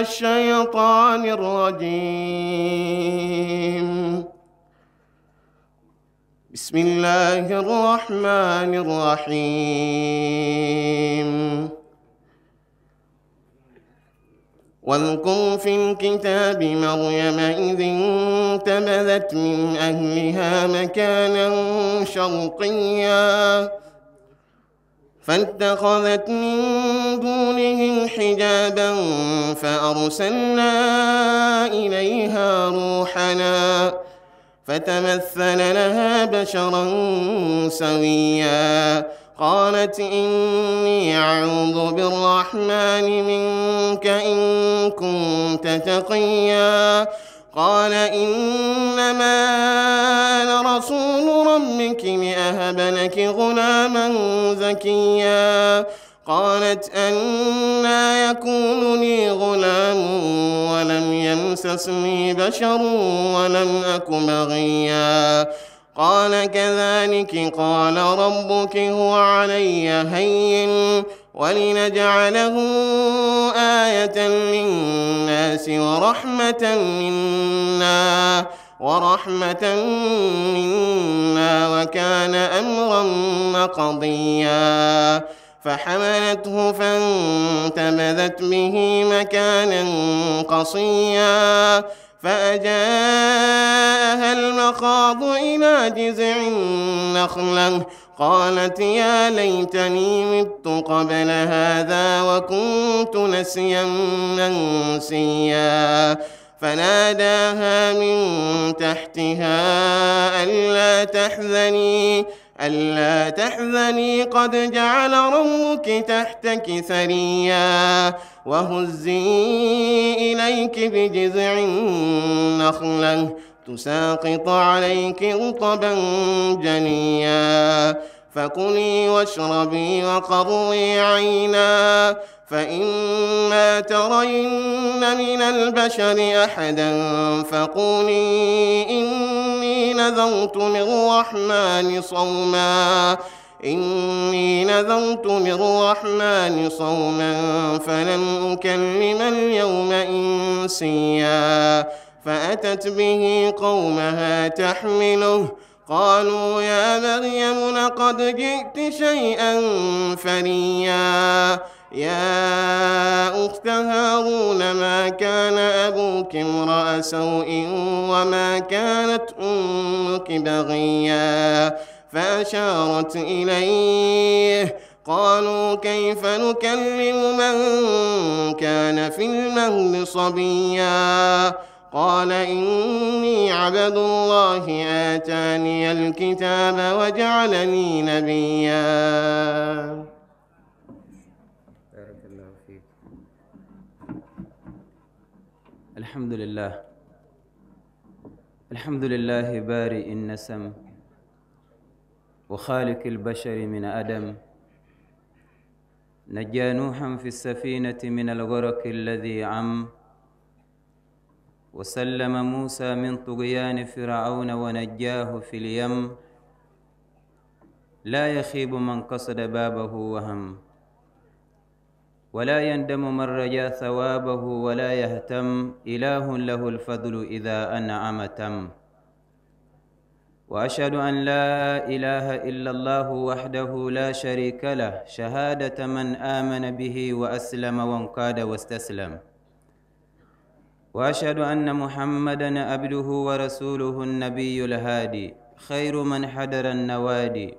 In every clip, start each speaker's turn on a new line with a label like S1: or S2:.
S1: الشيطان الرجيم بسم الله الرحمن الرحيم واذكر في الكتاب مريم إذ انتبذت من أهلها مكانا شرقيا فاتخذت من دونهم حجابا فأرسلنا إليها روحنا فتمثل لها بشرا سويا قالت إني أعوذ بالرحمن منك إن كنت تقيا قال إنما أنا رسول ربك لأهب لك غلاما زكيا قالت أنا يكون لي غلام ولم يمسسني بشر ولم أك بغيا قال كذلك قال ربك هو علي هين ولنجعله آية للناس ورحمة منا ورحمة منا وكان أمرا مقضيا فحملته فانتبذت به مكانا قصيا فأجاءها المخاض إلى جذع النخلة قالت يا ليتني مت قبل هذا وكنت نسيا منسيا فناداها من تحتها ألا تحزني ألا تحزني قد جعل ربك تحتك ثريا وهزي إليك بجذع النخلة تساقط عليك رطبا جنيا فكلي واشربي وقضي عينا فإما ترين من البشر أحدا فقولي إني نذرت للرحمن صوما إني نذرت للرحمن صوما فلن أكلم اليوم إنسيا فأتت به قومها تحمله قالوا يا مريم لقد جئت شيئا فريا يا أخت هارون ما كان أبوك امرأ سوء وما كانت أمك بغيا فأشارت إليه قالوا كيف نكلم من كان في المهد صبيا قال إني عبد الله آتاني الكتاب وجعلني نبيا بارك الله فيك
S2: الحمد لله الحمد لله بارئ النسم وخالق البشر من أدم نجى نوحا في السفينة من الغرق الذي عم وسلم موسى من طغيان فرعون ونجاه في اليم لا يخيب من قصد بابه وهم ولا يندم من رجا ثوابه ولا يهتم إله له الفضل إذا أنعم تم وأشهد أن لا إله إلا الله وحده لا شريك له شهادة من آمن به وأسلم وانقاد واستسلم واشهد ان محمدا عبده ورسوله النبي الهادي خير من حضر النوادي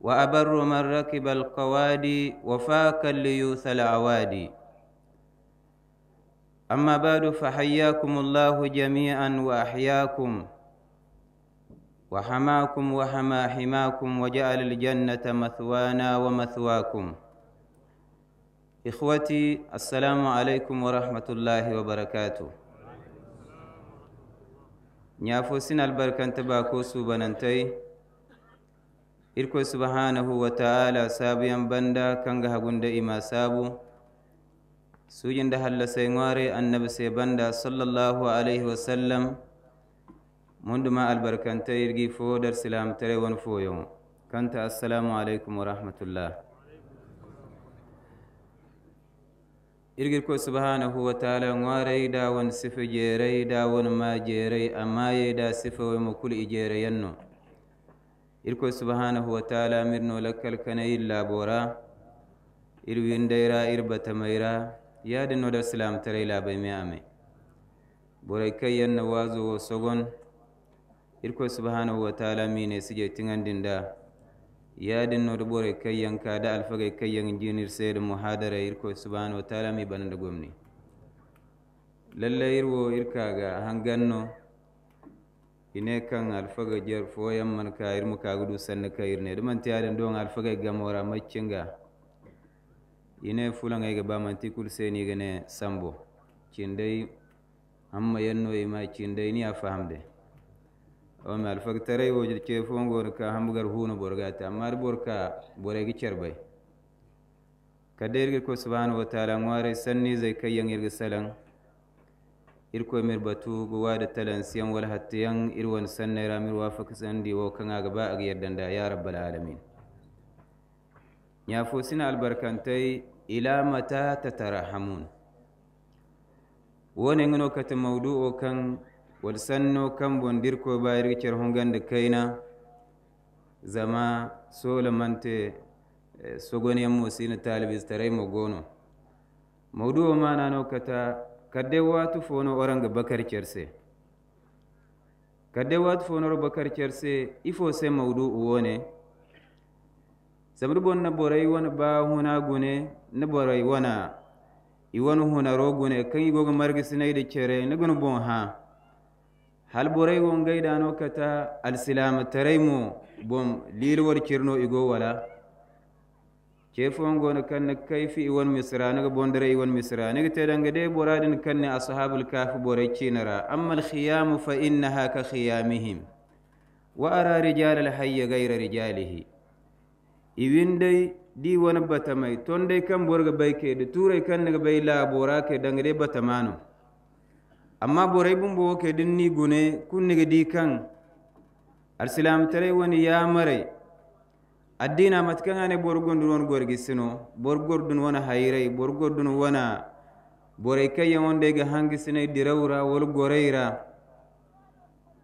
S2: وابر من ركب القوادي وفاك ليوث الاوادي اما بعد فحياكم الله جميعا واحياكم وحماكم وحما حماكم وجعل الجنه مثوانا ومثواكم Ikwati assalamu wa rahmatullahi wa barakatu. Nyafo sin albarkanta ba ko subanantai, irko subhanahu wa ta'ala sabiyan banda kanga hagunda ima sabu, sujin da hallasai ngware annabi sai banda sallallahu alaihi wa sallam, munduma albarkantai irgi fodar silam tare wani foyon. Kanta assalamu wa irgir ko subhanahu wa ta'ala ŋwaray da won sifa jeeray da won ma jeeray amma yeyda sifa waymo kul i jeerayan irko subhanahu wa ta'ala mirno lakkal kanay labora ir windayra ir batamayra yaade nodal silam taray labay me ame boray kayyan na wazo wo sogon irko subhanahu wa ta'ala mine sije tiŋandinda yadin no dubore kai yanka da kai kayyan injiniyar sai da muhadara irko subhanahu wa taala banan da gwamni. lalle irwo irkaga hanganno ine kan alfaga jar foyan man ka irmu gudu sanna ka irne ɗuman tiyaden ɗon alfagay gamora maccinga ine fulan ga bamanti kul senigane sambo dai amma yanno kin dai ni a fahimta. on alfaktarai wajir kefo ngor ka hamgar huno borgata amma borka boregi cerbay kadergir ko subhanahu wa ta'ala ngware sanni zai kayan irga salan irko mir batu da talan siyan wal hattiyan irwan sanne ramir wafak sandi wo kanga gaba ag yaddanda ya rabbal alamin ya fosina albarkantai ila mata tatarahamun wone ngino kata mawdu'o kan wal sanno kam bondirko bayri cer hongande kaina zama solomante sogoniyammo sino talibis taraymo gono mawdu o manano kata kadde watu fono ga bakar cerse kadde watu ga bakar cerse ifo se Maudu wone sabri bon na boray wona ba huna gune na borai wana iwanu hunaro gune kan igogo da sinayde cere nagonu bon ha hal boreygo on geyɗano kata alsilama taraymo bom Liluwar cirno igo wala cefongono kan kayfi iwon misra niga bondere iwon misra niga teɗanga de boraɗin ne ashabul kafi borai kinara amma alkhiyamu fa innaha ka khiyamihim wa ara rijal alhayya ghayra rijalihi iwindey ɗi bata batamay ton dey kam borga ke. Da turay kan bay la labora ke danga de manu. amma borai boray bo ke din ni gune kun gidi kan tare wani ya mare addina matkangane borgondun won gorgisino borgordun wona hayray borgordun wona boray kayya wondega hangisinay dirawra wol gorayra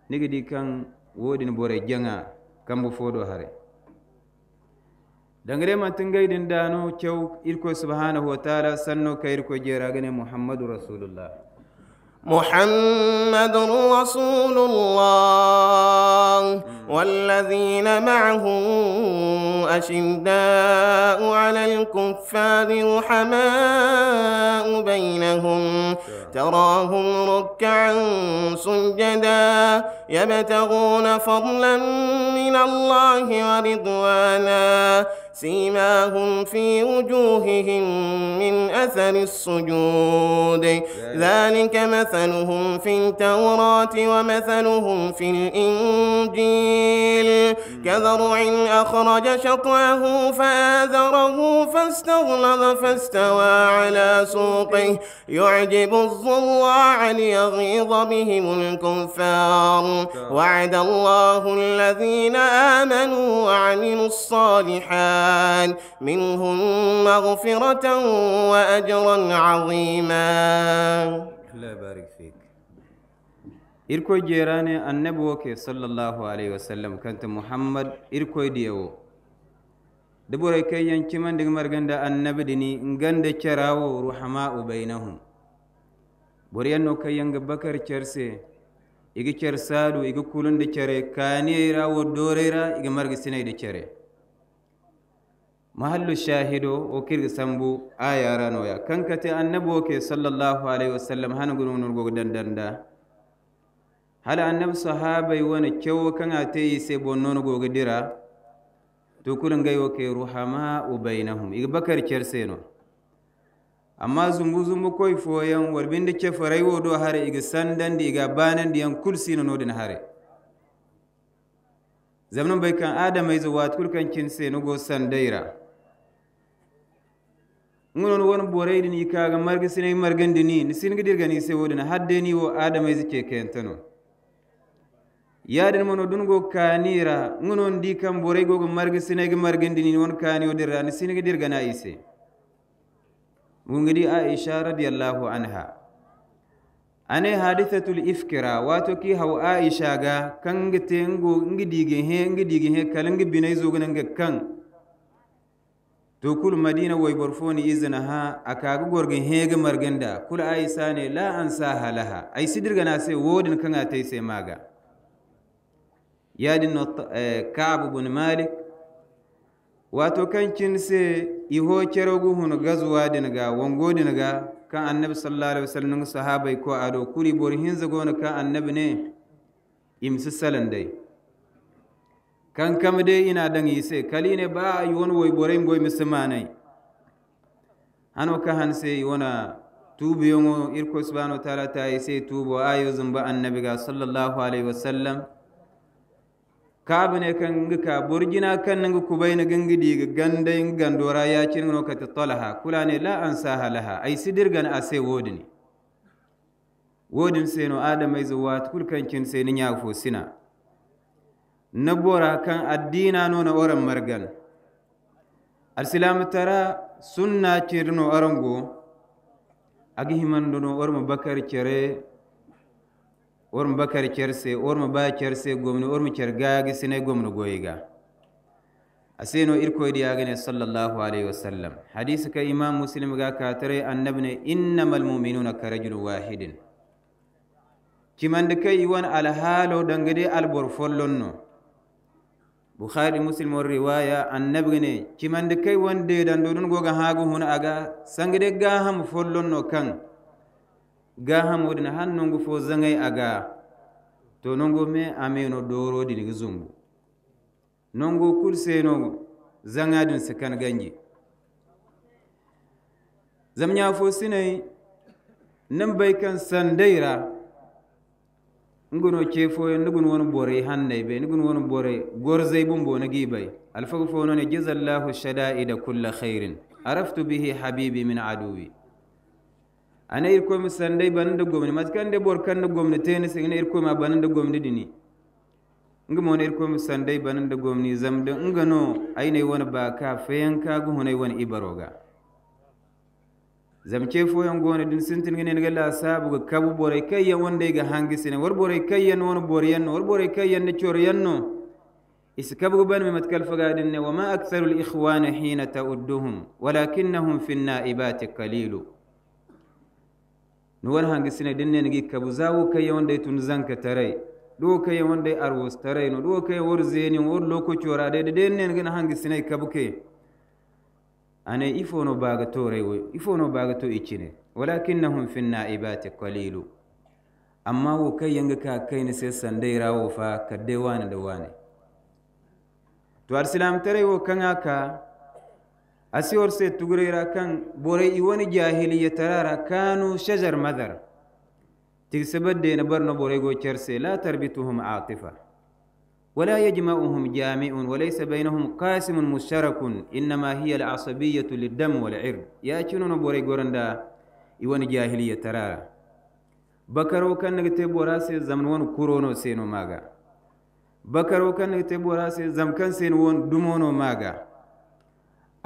S2: gidi kan wodin borai janga kambo fodo hare dangare matingaydin dano cew irko subhanahu wa taala sanno jera jeragane muhammadu rasulullah
S1: محمد رسول الله والذين معه أشداء على الكفار رحماء بينهم تراهم ركعا سجدا يبتغون فضلا من الله ورضوانا سيماهم في وجوههم من أثر السجود ذلك مثلهم في التوراة ومثلهم في الإنجيل كذرع أخرج شطاه فآذره فاستغلظ فاستوى على سوقه يعجب الضراع ليغيظ بهم الكفار وعد الله الذين آمنوا وعملوا الصالحات min humna ufiroota waajjirani caawimaadha.
S2: Irkoon jeeraan anna bu'oowee sallallahu alayhi wa sallam ka'e Muammda Irkoon Diyewu. Dubartiin kaayyanaa Chimandee Margaan cara wo ngan dee cina charaawo no kaŋ yaŋ ga Bakar care care se i i ga ga saadu kulu nda charaasadhu kaaniyay ra wo dooray ra i ga marga sinay da cheree. mahallu shahido o kirga sambu a noya kankate annabo ke sallllahu alayhi wa sallam hana gununurgo dandanda hala annabi sahabay wona ta yi sai se bonnono goga dira to kulu ngayo ke ruhamau bainahum iga bakar cerseno amma zumbu zumbu koi foyan warbinde cefaray wo do hare iga sandandi iga banandi yan kul nodin hare zamno bai kan adamay zo watkul kan kin senogo sandaira ngonon won boreydi ni kaga marga sine margandi ni ni sin gidirga ni sewodina hadde ni wo adama izike kentano yaden mono dungo kanira ngonon di kam borey gogo marga sine ga margandi ni won kani dirra ni sin gidirga na ise ngungidi aisha radiyallahu anha ane hadithatul ifkira wato ki haw aisha ga kan te ngo ngidige he ngidige he kalangi binay zogana kan to kul madina wai barfoni izina izna ha akaga gorgin hege marganda kul aisa ne la ansa halaha ay sidirga na sai wodin ta yi sai maga yadin eh, ka'b malik wato kancin sai iho kero guhun gazuwa dinga wango ga kan annabi sallallahu alaihi wasallam sahabai ko ado kuri borhin hinza ka kan annabi ne imsi salan dai kan kam dai ina dang yise ne ba wani wai borem goy musumanai ano ka hanse yona tubu yongo irko subhanahu taala ta yise tubu ayo zumba annabi ga sallallahu alaihi wasallam bane kan ngi ka borjina kan ngi kubayna gangidi diga gande gandora ya cin no ka talaha ne la halaha ai ay sidirgan ase wodini wodin no adamai zuwa kulkan kin sai ni nyafo sina na bora kan addinano na oran margan alsilamu tara sunna cirno arango agi himandono orma bakar cere orma bakar cerse orma ba cerse gomno orma cergagi sine gomno goyiga irko irkoyɗi yagane sallllahu alayhi wa sallam hadise kai imam musulmi ga katare annabine innama na kare rajulu wahidin kai yi wani alhalo dangede albor follonno bukhari muslim on riwaya annabi ne kimande kay wonde dandoɗon goga haago hono aga sangede ga follon no kan ga hamo wodina han nongo fo zangay aga to nongo me ameno ɗorodi nigi zumbu nongo kul senogo zangadin sikan ganji zamya fo sinay nan bai kan sandaira nguno kefoyo nugun won bore hande be nugun won borey bum bo nagi bay alfago fo noon jazallahu shada'ida kulla khairin araftu bihi habibi min aduwi ana irkoyma sanday bananda gomni mat kande bor kanda gomni teni sig ma irkoyma bananda gomni dini nga mo na irkoyma sanday bananda gomni zamde ngano ayne won ba ka go hunay won ibaroga زم كيفو يوم قوان الدين سنتين غنين غلا سابو كابو بوري كايا واندهي غهانجي سنة ور بوري كايا نوان بوري ينو ور بوري كايا نچور ينو إس كابو بان ممت كالفقا دين وما أكثر الإخوان حين تأدهم ولكنهم في النائبات قليل نوان هانجي سنة دين نجي كابو زاو كايا واندهي تنزان كتاري لو كايا واندهي أروس تاري نو لو كايا ورزيني ور لوكو چورا دين نجي نهانجي سنة كابو كي أنا إفونو باغتو ريو إفونو باغتو إيشيني ولكنهم في النائبات قليل أما وكي ينغكا كين سيسان دي راو فا كديوان دواني توار سلام تري وكنا كا أسيور سي تغريرا كان بوري إيواني جاهلية ترارا كانوا شجر مذر تكسبت دي نبرنو بوري غو لا تربطهم عاطفة ولا يجمعهم جامع وليس بينهم قاسم مشترك إنما هي العصبية للدم والعرض يا تشنون بوري غورندا إيوان جاهلية ترى بكرو كان نغتي براس زمن وان كورونو سينو ماغا بكرو كان نغتي براس زم كان سينو وان دومونو ماغا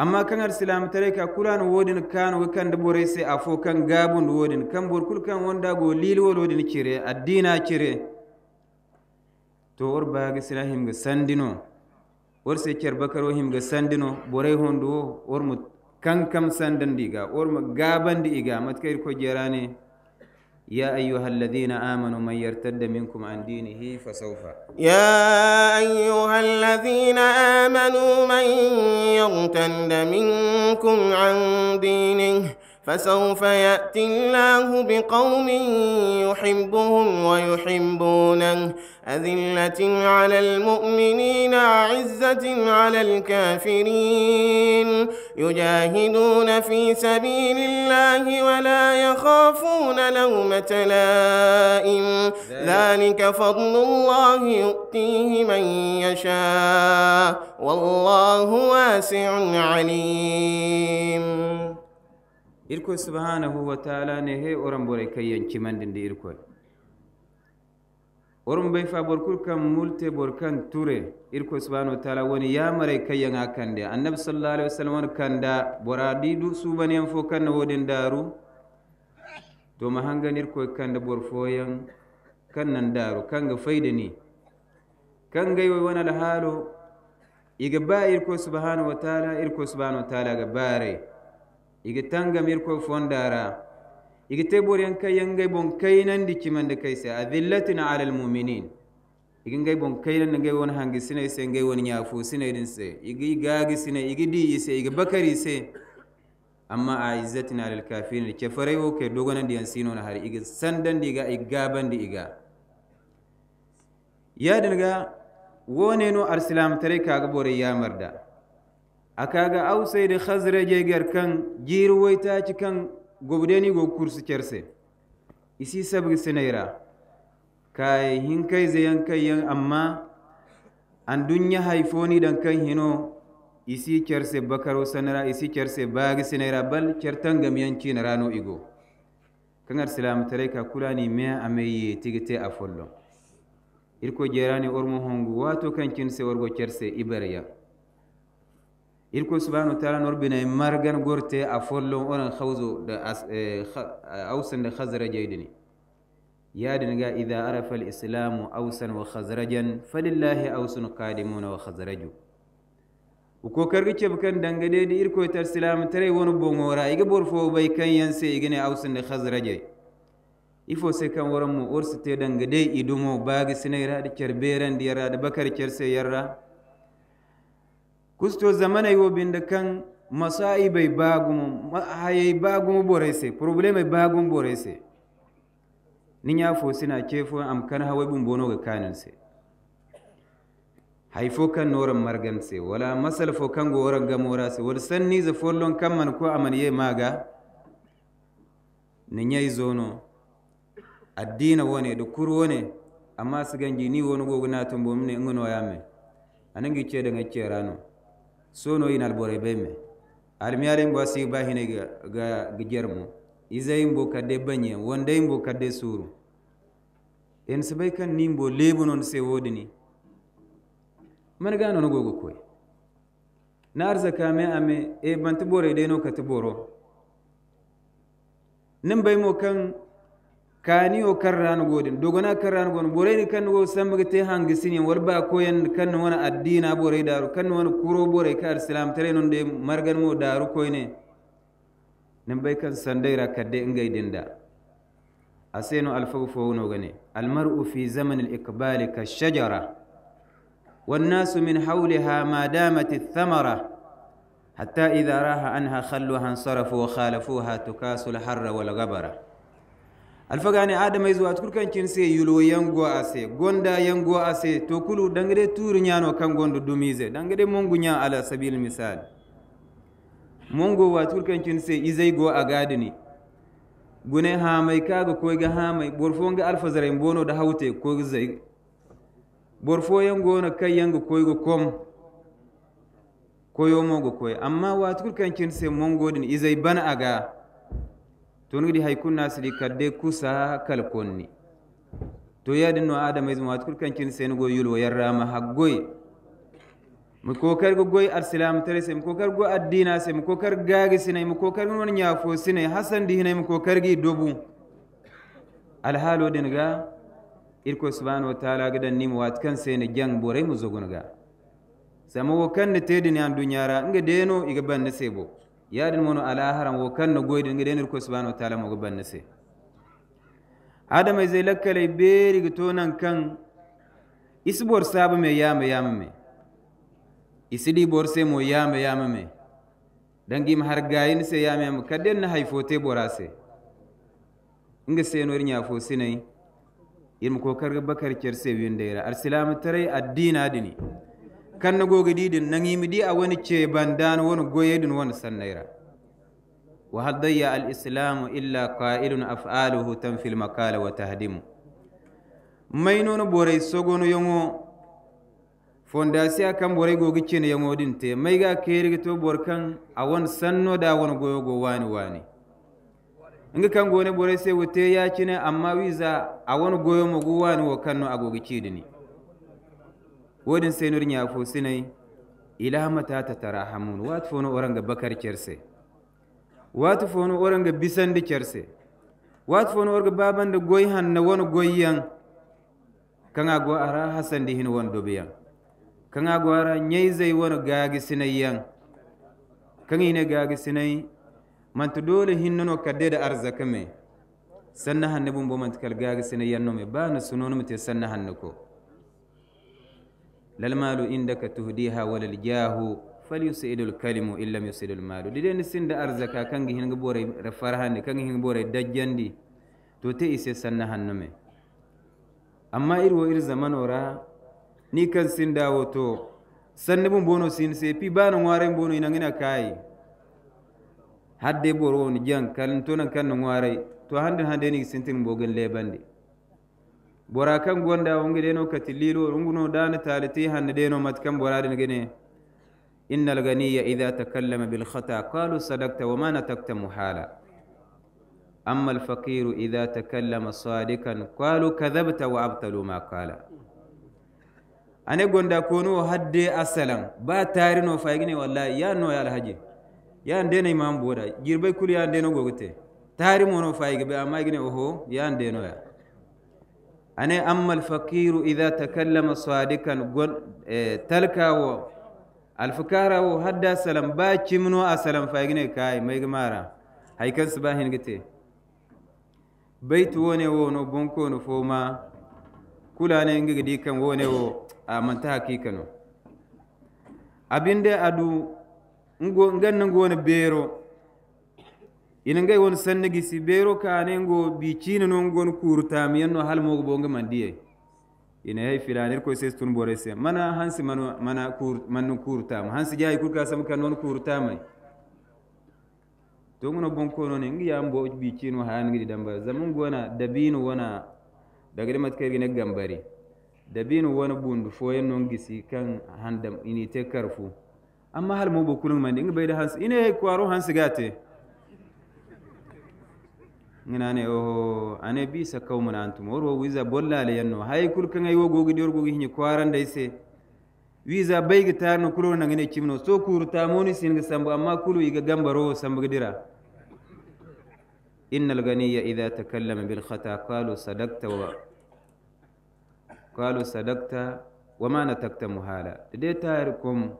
S2: amma كان السلام تريكا ka kulan كان وكان دبوريسي kan كان غابون afo كان بور كل كان bor kul ليل wanda كيري lil كيري to or baga sila himga sandino or se kyar bakaro himga sandino borai hondo or mu kankam sandan diga or mu gaban diga matkair ko jerani ya ayyuhalladhina amanu man yartadda minkum an dinihi fasawfa
S1: ya ayyuhalladhina amanu man yartadda minkum an dinihi فسوف ياتي الله بقوم يحبهم ويحبونه اذله على المؤمنين اعزه على الكافرين يجاهدون في سبيل الله ولا يخافون لومه لائم ذلك فضل الله يؤتيه من يشاء والله واسع عليم
S2: irko subhanahu wa taala ne he oran yanki mandin da irko oron bai fa borkul kam multe kan ture irko subhanahu wa taala woni yamaray kayyaŋa kande annabi sallallahu alaihi wasallam woni kanda bora suban yan fo kanna wodin daru to ma hangan kan kanda bor yan kan nan daru kanga fayda ni kangay way wonal haalo iga ba irko subhanahu wa taala irko subhanahu wa taala ga baaray iga tanga mirko fondara iga tebor yanka yangai bon kainan di kimanda kaisa adillatin ala almu'minin iga ngai bon kainan ngai won hangi sine se ngai won nyafu sine din se iga gagi sine iga di se iga bakari se amma a izzatin ala alkafirin ke farai wo ke dogonan di yansino na hari iga sandan di iga gaban di iga ya dinga wone no arsilam tare ga bore ya marda akaga awseyde khazraje ger kaŋ jiiri woytaaci kan gobdeni go kursi cerse isi sabgi kai hin kai zayan kai yan amma an dunya haifoni dan kan hino isi cerse bakaro sanara isi cerse baagi sinayra bal certangam yaŋ na rano igo kaŋar silamataray ka kulani mea amey tigite a falo. irko jerani ormo hongu wato kan cinse wargo cerse ibarya إلكو سبحانه وتعالى نربينا مرغن غورتي أفولو أنا خوزو إيه، أوسن خزر جيدني يا دنغا إذا عرف الإسلام أوسن وخزرجا فلله أوسن قادمون وخزرجو وكو كرغيتش بكن دنغدي دي إلكو يتر سلام تري ونو بومورا إيغ بورفو باي كان ينسي إغني أوسن خزرجا إفو سيكن ورمو أورستي دنغدي إدومو باغي سنيرا دي كربيران دي يرا دي بكر كرسي يرا kusto zamana iwo binda kan masaibai bagum hayai bagum borese probleme bagum borese ninya fo sina kefo am kan hawai bun bono ga kanin se haifo kan noran margan se wala masal fo kan goran ga mora se wal sanni za follon kan man ko aman ye maga ninya izono addina wone da kurwo ne amma su ganji ni wani gogna na tumbo mine ngono yame anan gi ce da ngake rano sono ina albore beme almiyare mbo si ba hine ga ga gijermo izay mbo kadde banye wonde mbo kadde suru en sabay kan nimbo lebo non se wodini man ga non gogo koy nar zakame ame e bantu bore de no kat boro nimbay mo kan كانيو كران غودن دوغنا كران غون بوريد كان غو سمغتي هانغ سينين وربا كوين كان وانا ادينا بوري دارو كان وانا كورو بوري كار سلام تري نون دي مارغان مو دارو كويني نمباي كان ساندي را كدي انغاي ديندا اسينو الفوفو نو غني المرء في زمن الاقبال كالشجره والناس من حولها ما دامت الثمره حتى اذا راها انها خلوها انصرفوا وخالفوها تكاسل الحر والغبره adama yi zuwa tukurkan kin se yulo yango ase gonda yango ase to kulu dangade turu nyano kan gondo dumize dangade mungu nya ala sabil misal Mungu wa tukurkan kin se izai go agadini gune hamai kaga koyga hamai borfo nga alfa zarai bono da haute ko zai borfo yango na kai yango koygo kom yomo go ko amma wa tukurkan kin se Mungu din izai bana aga haikun nasu di kadde kusa kalkonni to yadin no adama izma watkul kancin senugo yulwo yarrama haggoy mi kokar go goy arsilam tare se mi kokar go addina se mi kokar gagi sinay mi kokar non nyafo sinai hasan di hinay mi kokar gi dobu alhalo din ga irko subhanahu wa ta'ala gidan ni mu kan sene jang bore mu zogun ga samo kan ne tedin an dunyara Inga deno iga ban ne sebo yaadin mono ala haram wo kan no goydin ngi denir ko subhanahu wa ta'ala mo gobanne se adama zai lakkale beri ga tonan kan isbor sabu me yama yama me isidi bor se mo yama yama me dangi ma har gayin se yama yama kaden na haifote borase inga se no rinya fo sinai irin kokar bakar kerse da ira arsilamu tarai addina dini goge nan yi midi a wani cebandan woni wani woni sannayra wa hal dayya al islamu illa qailun af'aluhu tanfi l makala wa tahdimu may noon borey sogono yongo fondasi borai kan ce gogi cene din te mai ga kerigi to bor kan a da wani goyo go wani wani inga kan gone borey ya ci ne amma wiza a won goyomogu wani wo kanno agogi dini. wodin senor Sinai sinay ta tata tarahamun wat fono oranga bakar cerse wat fono oranga bisande cerse wat fono orga da goy na wono yan kanga go ara hasandi hin do dobiyan kanga go ara zai wono gaagi Sinai yan kaŋine gaagi man to dole nono kadde da me sanna hanne bumbo man kal gaagi yan no me bana sunonumte sanna hanne ko lal malu indaka tuhdiha walal jahu falyusidul kalimu illam yusidul malu diden sinda arzaka kangi hinga bore farhandi kangi hinga bore dajjandi to te ise sanna hannume amma irwo ir zamanora ni kan sinda woto sanne bun bono sin se pi bana ngware bono ina ngina kai hadde boro ni jan kan to nan kan to hande hande ni sintin bora kan gonda wongi deno katililo runguno dana taliti hanne deno matkan bora den gene innal ganiyya idha takallama bil khata qalu sadaqta wa ma natakta muhala amma al faqiru idha takallama sadikan qalu kadhabta wa abtalu ma qala ane gonda konuwo hadde asalam ba tarino faygine wallahi ya no ya alhaji ya ndene imam boda jirbe kul ya ndeno gogote tarimo no fayge be amma gine oho ya ndeno ya ane amma alfaqiru idha takallama sadikan talkawo alfukarawo hadda salam ba cimno a salam fagine kai mai gmara haikan su ba gite baitu wone wo no bonko no foma kula ne ngigidi kan wone wo a manta hakikano abinde adu ngo ngan ngo ne bero inangay won sannigi sibero kanengo bicina non gon kurtamiyanno halmogo bonga mandiye? ina hay filanir ko ses tun bore mana hansi manu mana kur kurta kurtam hansi jayi kurka sam kan non mai to ngono ko non ngi yambo bicino han ngi damba zaman gona dabino wana daga dimat kay ne gambari dabino wana bundu foyen non gisi kan handam ini te karfu amma hal mo bo kulun mandi ngi bayda hansi ina hay kwaro hansi gate ngana oho ane bi sa kaw mana antum orwo wiza bolla le yanno hay kul kan ay wogo gi dorgo gogi hin kwaran dai se wiza bay ga tarno kulo na ngane chimno so kuru ta moni sin ga sambu amma kulu iga gambaro sambu gidira innal ganiya idha takallama bil khata qalu sadaqta wa qalu sadaqta wa ma natakta muhala dai tayar kum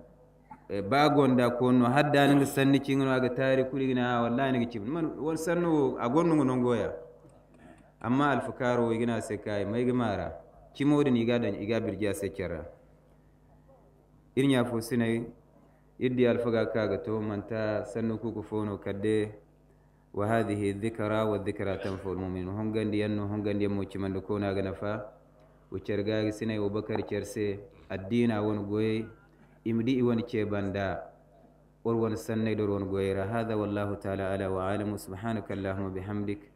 S2: Eh, ba gonda hadda ni sanni ciŋno aga taari kuligina ha wallahi niga cibni man wal sanno a gonnugo non goya amma alfakaro igina se kayi ma iga mara cimodin iga dan iga birja se carra irña fo sinay iddi ka ga to manta sanno ku fono kadde wa hadihi dhikra wa dhikra tanfo lmuminin hongandi yanno hongandi yammo ko na ga nafa wo cargagi sinai ubakar bakar cerse addina won goyey imdi woni ceɓanɗa wor won sannayɗor won goyra hada wallahu taala ala wa alamu subhanaka allahuma bihamdik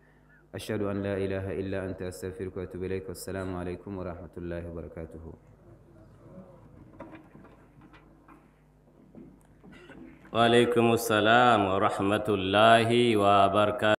S2: ashhadu an la ilaha illa anta astahfiruka wa atubu ilayka wassalamu aleykum wa rahmatullahi wa wa alaikum
S1: وعليكم wa ورحمة wa وبركاته